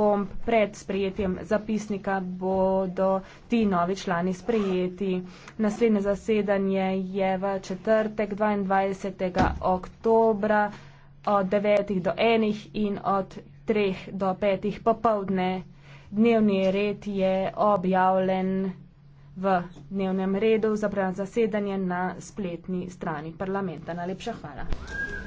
pripomb pred sprejetjem zapisnika bodo ti novi člani sprejeti. Naslednje zasedanje je v četrtek 22. oktobra od 9. do 1. in od 3. do 5. popovdne. Dnevni red je objavljen v dnevnem redu za zasedanje na spletni strani parlamenta. Najlepša hvala.